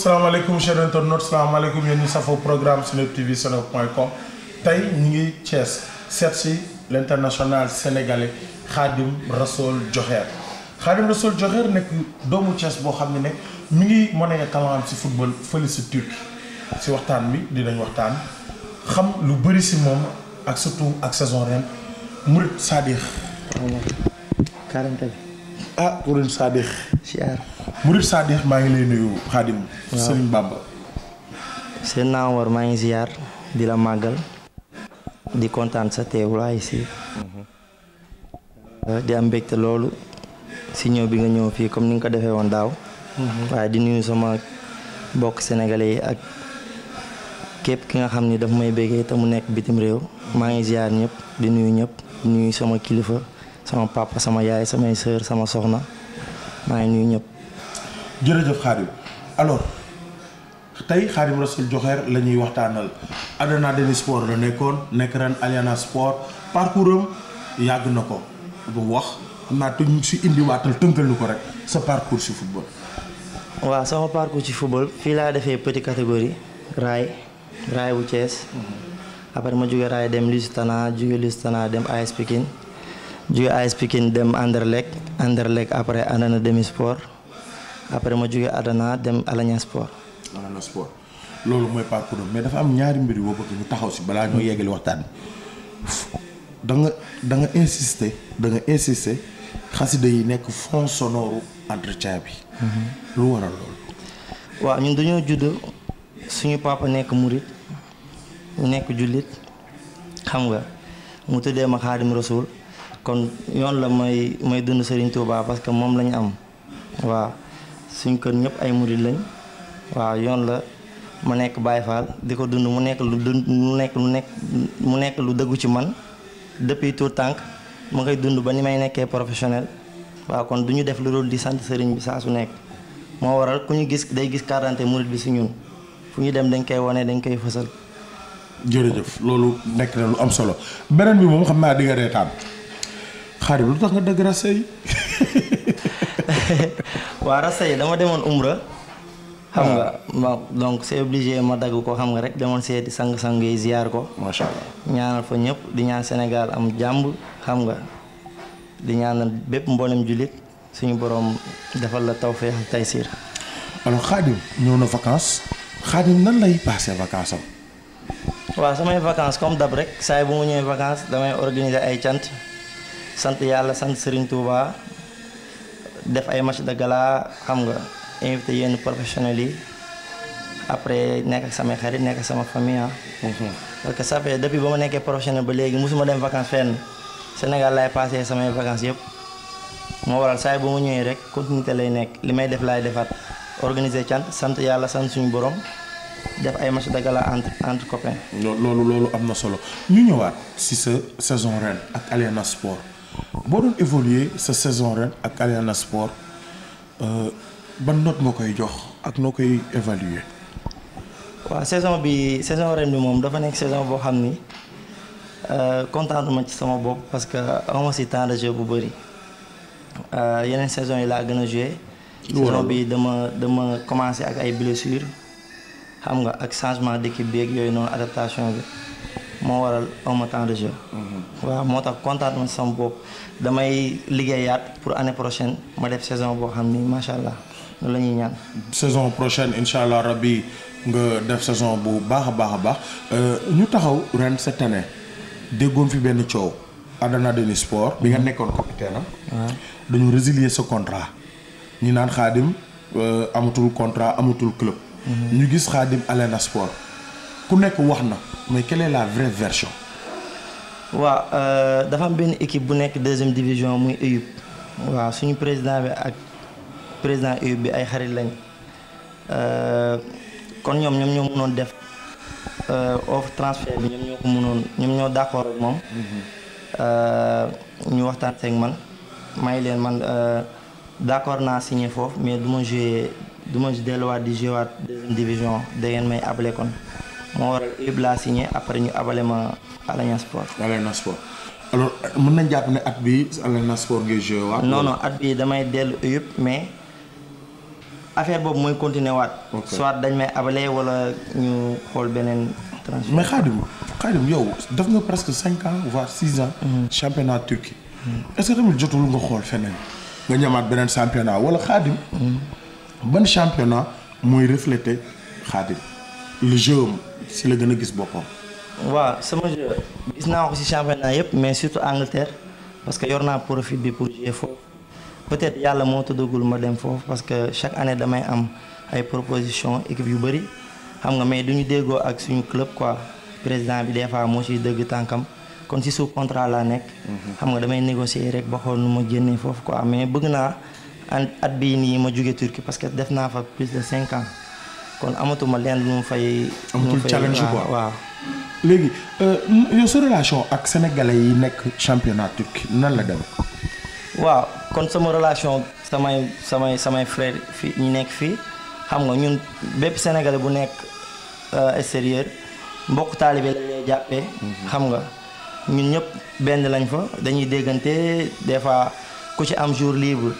salaamaaleykum chers internautes salaamaaleykum yéen ñi safoo programme Seneweb TV seneweb.com tey ñu ngi Thiès seet si l' international sénégalais Khadim Rassoul Diokhère Khadim Rassoul nekk doomu Thiès boo xam ne ne mi ngi mën a talent si football fële si Turquie si waxtaan bi dinañ waxtaan xam lu bëri si moom ak surtout ak saison ren Mourid Sadikh. 40 ah murid Sadikh. maa ngi lay nuyu Xaadim. waaw Bàmba. seen naa war maa ngi ziar di la màggal. di kontaan sa teewlaay si. Mhm. Eh, di am mbégte loolu si ñëw bi nga ñëw fii comme ni nga ko defee woon daaw. Mhm. waaye di nuyu sama bokk sénégalais yi ak képp ki nga xam ni daf may béggee te mu nekk bitim réew. maa ngi ziar ñëpp di nuyu ñëpp di nuyu sama kilifa. sama papa sama yaay samay sœur sama soxna maa ngi nuyu ñëpp. jërëjëf Khadim alors tey Khadim Rassoul Joher la ñuy waxtaanal Adana Denis sport la nekkoon nekk ren Aliana sport parcours yàgg na ko bu wax xam naa te ñu si indiwaatal tënkal ñu ko rek sa parcours si football. waaw sama parcours ci football fii laa defee petite catégorie raay raay bu Thiès mhm. après ma jóge raay dem Lusitana jóge Lusitana dem AS Pikine jóge AS Pikine dem Anderlecht Anderlecht après Adana demi sport après ma jóge àddana dem Alanya sport. Alanya loolu mooy parcours mais dafa am ñaari mbir yoo bëgg ñu taxaw si balaa ñoo yeggali waxtaan da nga da nga insister da yi nekk fond sonore entretien bi. lu waral loolu. waaw ñun dañoo judd suñu papa nekk murit nekk jullit xam nga mu tuddee ma Xaadim Rasuul kon yoon la mooy mooy dund Serigne Touba parce que moom la ñu am waaw suñ kër ñëpp ay murid lañ waaw yoon la ma nekk Baye di ko dund mu nekk lu dund mu nekk lu nekk mu nekk lu dëggu ci man depuis tout tànk ma koy dund ba ni may nekkee professionnel waaw kon du ñu def lu dul di sant Serigne bi saa su nekk moo waral ku ñu gis day gis quarante murid bi si ñun fu ñu dem dañ koy wane dañ koy fësal. jërëjëf loolu nekk na lu am solo beneen bi moom xam naa di nga reetaan xarit lu tax nga dëgg rase waa rase yi dama demoon umra. xam nga ma donc c'est obligé ma dagg ko xam nga rek demoon seeti sang-sang yi ziar ko. macha allah ñaanal fa ñëpp di ñaan Sénégal am jàmb xam nga di ñaanal bépp mboolem jullit suñu boroom defal la tawfeex ak taysiir. alors Khadim ñëw na vacances Khadim nan lay passé vacances am. waaw samay vacances comme dab rek saa yi bu mu ñëwee vacances damay organiser ay cant. sant yàlla sant Serigne Touba def ay match de gala xam nga invité yenn professionnels yi après nekk ak samay nekk sama famille ah. Mhm. parce que ça depuis ba nekkee professionnel ba léegi musuma dem vacances fenn Sénégal laay passé samay vacances yëpp moo waral saa bu ma ñëwee rek continuité lay nekk li may def laay defaat organiser cant sant yàlla sant suñu borom. def ay match dagala entre entre copains. loolu loolu am na solo ñu ñëwaat ci sa saison ren ak Alena Sport boo doon évoluer sa saison ren ak Aliana Sport euh, ban note nga koy jox ak noo koy évaluer. waaw saison bi saison ren bi moom dafa nekk saison boo xam ni euh, kontaan ma ci sama bopp parce que awma si temps de jeu bu bëri euh, yeneen saison yi laa gën a joué. saison bi dama dama commencé ak ay blessures xam nga ak changement d'équipe bi ak yooyu noonu adaptation bi. moo waral awma temps de jeu. Mhm. waaw moo tax kontaan ma sama bopp damay liggéeyaat pour année prochaine ma def saison boo xam ni macha allah loolu la ñaan. saison prochaine incha allah rabbi nga def saison bu baax a baax a baax euh, ñu taxaw ren cette année déggoon fi benn coow. Adana Deni Sport bi nga mhm. nekkoon capitaine am. dañu résilier sa contrat. ñu naan Xaadim euh, amatul contrat amatul club. Mhm. ñu gis Xaadim Alena Sport. ku nekk wax na mais quelle la vraie version. waaw euh, dafa am benn équipe bu nekk deuxième division muy Eyub waaw suñu président bi ak président Eyub bi ay xarit lañ euh, kon ñoom ñoom ñoo mënoon def euh, offre transfert bi ñoom ñoo ko mënoon ñoo d'accord ak moom. ñu waxtaan seeg man may leen man d'accord naa signé foofu mais du ma joué du ma delluwaat di joué waat deuxième division da may appelé kon. moo waral Ulib laa signé après ñu abale ma Alanya Sport. Alanya Sport mën nañ jàpp ne at bi Alanya Sport ngay joué waat. non at bi damay dellu Ulib mais affaire boobu mooy continuer waat. soit dañ may abale wala ñu xool beneen. transfert mais Khadim Khadim yow def nga presque cinq ans voire six ans. Mm-hmm. championnat Turquie. Mm-hmm. est-ce que jotul nga xool feneen. nga ñamaat beneen championnat wala Khadim. Mm-hmm. ban championnat mooy refléter Khadim le jeu si la gën a gis boppam. waaw sama jeu gis naa ko si championnat yëpp mais surtout Angleterre parce que yor naa profil bi pour jouer foofu peut-être yàlla moo tuddagul ma dem foofu parce que chaque année damay am ay proposition équipe yu bëri xam nga mais du ñu déggoo ak suñu club quoi président bi des fois moo ciy dégg tànkam kon si sous contrat laa nekk. Mhm. xam nga damay négocier rek ba xool nu ma génnee foofu quoi mais bëgg naa at bi nii ma jóge Turquie parce que def naa fa plus de cinq kon amatuma leen lu mu fay. amatul challenge quoi waaw léegi euh, yow relation ak sénégalais yi nekk championnat turc nan la dem waaw kon sama relation samay samay samay frère fi ñu nekk fii xam nga ñun bépp sénégalais bu nekk euh, extérieur mbokk taalibe lañ jàppee. Mhm. xam nga ñun ñëpp benn lañ fa dañuy déggante des fois ku ci am jour libre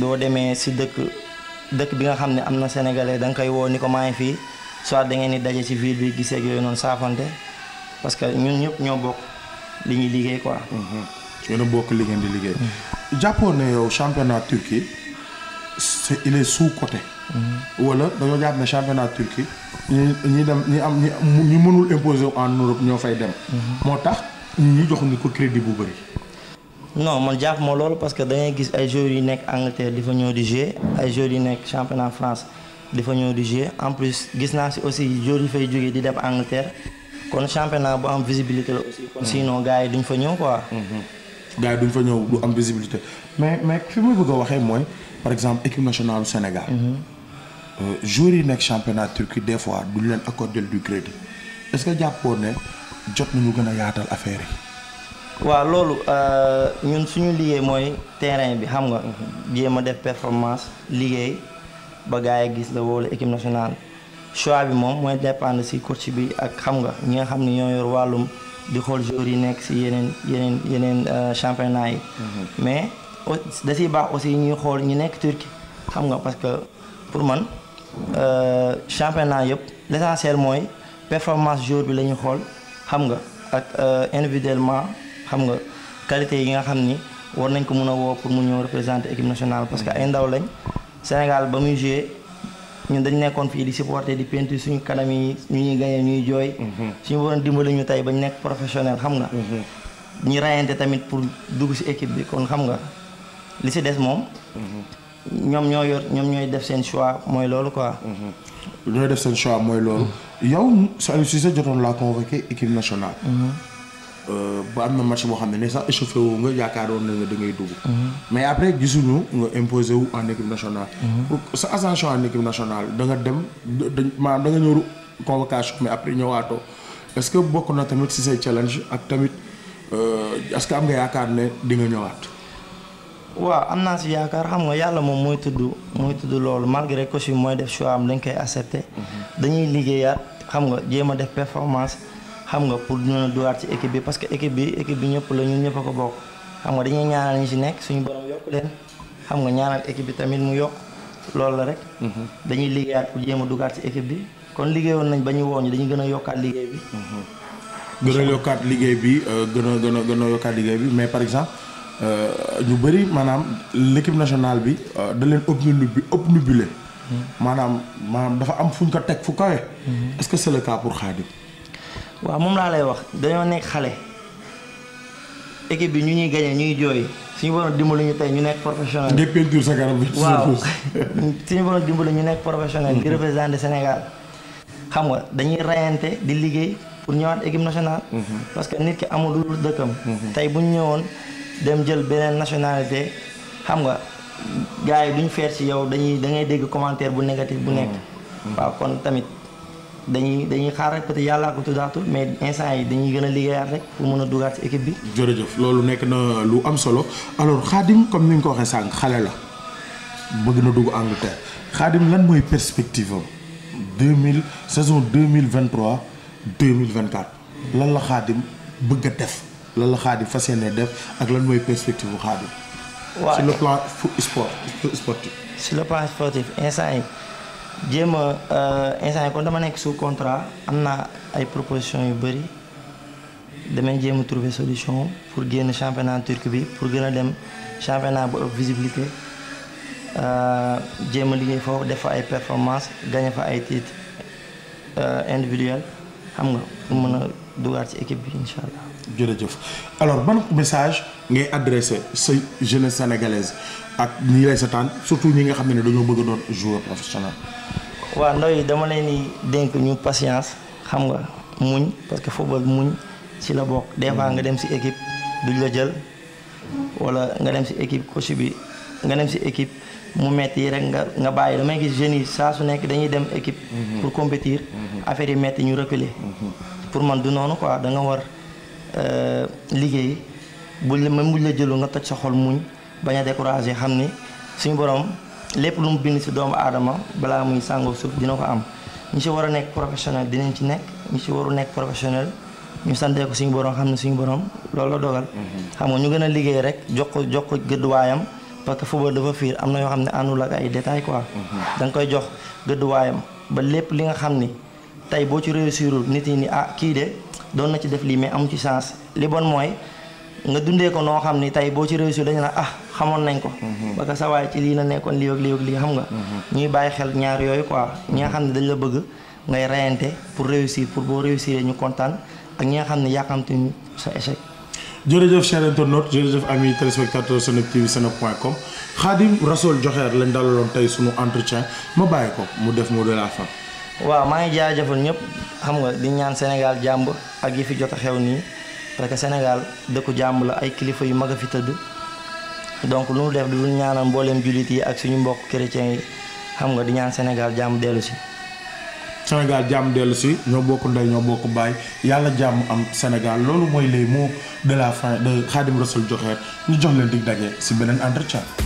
doo demee si dëkk. dëkk bi nga xam ne am na sénégalais da nga koy woo ni ko maa ngi fii soit da ngeen di daje ci ville bi gisee ak yooyu noonu saafante parce que ñun ñëpp ñoo bokk li ñuy liggéey quoi. Mhm. yéen a bokk li ngeen di liggéey. Mm. jàppoon na yow championnat Turquie c'est il est sous côté. Mm. wala dañoo jàpp ne championnat Turquie ñi ñi dem ñi am ñi mënul imposer en Europe ñoo fay dem. Mm-hmm. moo tax ñu jox ñu ko crédit bu bëri. non man jàpp ma loolu parce que da gis ay joueurs yu nekk Angleterre di fa ñëw di jouer ay joueurs yu nekk championnat France di fa ñëw di jouer en plus gis naa si aussi jour yu fay jógee di dem Angleterre kon championnat bu am visibilité la aussi. kon sinon gars yi duñ fa ñëw ko mhm. gars yi duñ fa ñëw du am visibilité mais mais fi ma bëgg a waxee mooy par exemple équipe nationale du Sénégal. Mhm. Euh, joueurs yi nekk championnat Turquie des fois duñ leen accorder du crédit est-ce que jàppoon ne jot nañu a yaatal affaire yi. waaw loolu euh, ñun suñu liggéey mooy terrain bi xam nga jéem a def performance liggéey ba gars yi gis la wóolu équipe nationale choix bi moom mooy dépendre si coach bi ak xam nga ñi nga xam ne ñoo yor wàllum di xool joueurs yi nekk si yeneen yeneen yeneen euh, championnat yi mm-hmm. mais da baax aussi ñuy xool ñu nekk Turquie xam nga parce que pour man euh, championnat yëpp l'essentiel mooy performance jour bi la ñuy xool xam nga ak individuellement xam nga qualité yi nga xam ni war nañ ko mën a woo pour mu ñëw représenter équipe nationale parce que ay ndaw lañ Sénégal ba muy joué ñun dañ nekkoon fii di supporter di peinture suñu kanam yi ñu ñuy gañee ñuy jooy mhm. suñu waroon dimbali ñu tey bañ nekk professionnel xam nga mhm. ñu reyante tamit pour dugg ci équipe bi kon xam nga li si des moom mhm. ñoom ñoo yor ñoom ñooy def seen choix mooy loolu quoi ñooy def seen choix mooy loolu yow Aliou Cissé jotoon laa convoqué Euh, ba am na match boo xam ne ne sax échauffé wu nga yaakaaroon na nga da ngay dugg. Mhm. mais après gisuñu imposé wu en équipe nationale. Mhm. pour sa ascension en équipe dem dañ maanaam da nga ñëw convocation mais après bokk na tamit ci say challenge ak tamit euh, est-ce que am ne di nga ñëwaat. waaw am naa si yaakaar xam nga yàlla moom mooy tudd mooy tudd loolu malgré que mooy def choix am dañ koy accepté. Mhm. dañuy liggéeyaat xam nga jéem a def performance. xam nga pour ñu duwaat ci équipe bi parce que équipe bi équipe bi ñëpp la ñun ñëpp a ko bokk xam nga dañuy ñaanal ñu si nekk suñu borom yokk leen xam nga ñaanal équipe bi tamit mu yokk loolu la rek. Mhm. dañuy liggéeyaat pour jéem a dugaat ci équipe bi kon liggéeyoon nañ ba ñu woo ñu dañuy gën a yokkaat liggéey bi. Mhm. gën a yokkaat liggéey bi euh, gën a gën a gën a yokkaat liggéey bi mais par exemple euh, ñu bëri maanaam l' équipe nationale bi euh, da leen obnubilé mhm. maanaam maanaam dafa am fu fuñ ko teg fu kawe. est ce que c' est waaw moom laa lay wax dañoo nekk xale équipe bi ñu ñuy gagné ñuy jooy suñu borom dimbali ñu tey ñu nekk professionnel. nga peinture sa garab bi. waaw suñu borom dimbali ñu nekk professionnel. di représenté Sénégal xam nga dañuy rayante di liggéey pour ñëwaat équipe nationale. Mhm. parce que nit ki amul lu dëkkam. Mhm. tey bu ñu ñëwoon dem jël beneen nationalité xam nga gars yi duñ feer ci yow dañuy dangay dégg commentaire bu négatif bu nekk. Mhm. waaw kon tamit. dañuy dañuy xaar rek peut-être yàllaa ko tuddaatul mais instant yi dañuy gën a liggéeyaat rek pour mën a dugaat ci équipe bi. jërëjëf loolu nekk na lu am solo alors xaadim comme ni nga ko waxee sànq xale la bëgg na dugg Angleterre Khadim lan mooy perspective am deux mille saison deux mille vingt trois deux mille vingt quatre lan la Khadim bëgg a def lan la Khadim fas yéene def ak lan mooy perspective bu Khadim. waaw sur le plan sport sportif. sur le plan sportif instant yi. jéem a euh, instant yi kon dama nekk su contrat am na ay proposition yu bëri damay jéem a trouver solution pour génn championnat turc bi pour gën a dem championnat bu ëpp visibilité euh, jéem a liggéey foofu def fa ay performance gagné fa ay titre euh, individuel xam nga pour mën a dugaat ci équipe bi incha allah. jërëjëf alors ban message ngay adressé sa jeunesse sénégalaise ak ñi lay setaan surtout ñi nga xam ne dañoo bëgg doon jour professionnel. waaw ndaw yi dama leen di dénk ñu patience xam nga muñ parce que football muñ ci la bokk des fois nga dem ci équipe duñ la jël wala nga dem si équipe coach bi nga dem si équipe mu metti rek nga nga bàyyi damay gis jeunes yi saa su nekk dañuy dem équipe. Mhm. pour compétir mhm. affaire yi metti ñu reculer. Mhm. pour man du noonu quoi da nga war euh, liggéey buñ la même buñ la jëlu nga toj sa xol muñ bañ a découragé xam ni suñu borom lépp lu mu bind si doomu aadama balaa muy sàngoo suuf dina ko am ñu si war a nekk professionnel dinañ ci nekk ñu si waru nekk professionnel ñu santee ko suñu borom xam ne suñu borom loolu la dogal. Mm-hmm. xam nga ñu gën a liggéey rek jox ko jox ko gëdduwaayam parce que dafa fiir am na yoo xam ne àndul ak ay détails quoi. Mm-hmm. da nga koy jox gëdduwaayam ba lépp li nga xam ni. tey boo ci réussirul nit yi ni ah kii de doon na ci def lii mais amu ci chance li bon mooy nga dundee ko noo xam ni tey boo ci réussir dañu naan ah xamoon nañ ko. Mm-hmm. parce que sa waay ci lii la nekkoon lii ak lii ak xam nga. Mm-hmm. ñuy bàyyi xel ñaar yooyu quoi mm-hmm. ñi nga xam ne dañ la bëgg ngay reyante pour réussir pour boo réussir ñu kontaan ak ñi nga xam ne yàkkamtuñu sa échec. jërëjëf chers internautes jërëjëf amis téléspectateurs Seneweb TV seneweb.com Khadim Rassoul Joher lañ dalaloon tey sunu entretien ma bàyyi ko mu def mot de la fin. waaw maa ngi jaajëfal ñëpp xam nga di ñaan Sénégal jàmb ak yi fi jot a xew nii parce que Sénégal dëkku jàmb la ay kilifa yu mag a fi tëdd donc lu mu def du ñaanal mbooleem jullit yi ak suñu mbokk chrétiens yi xam nga di ñaan Sénégal jàmm dellu si. Sénégal jàmm dellu si ñoo bokk ndey ñoo bokk baay yàlla jàmm am Sénégal loolu mooy les mots de la fin de Joxeer ñu jox leen dig daje si beneen entretien.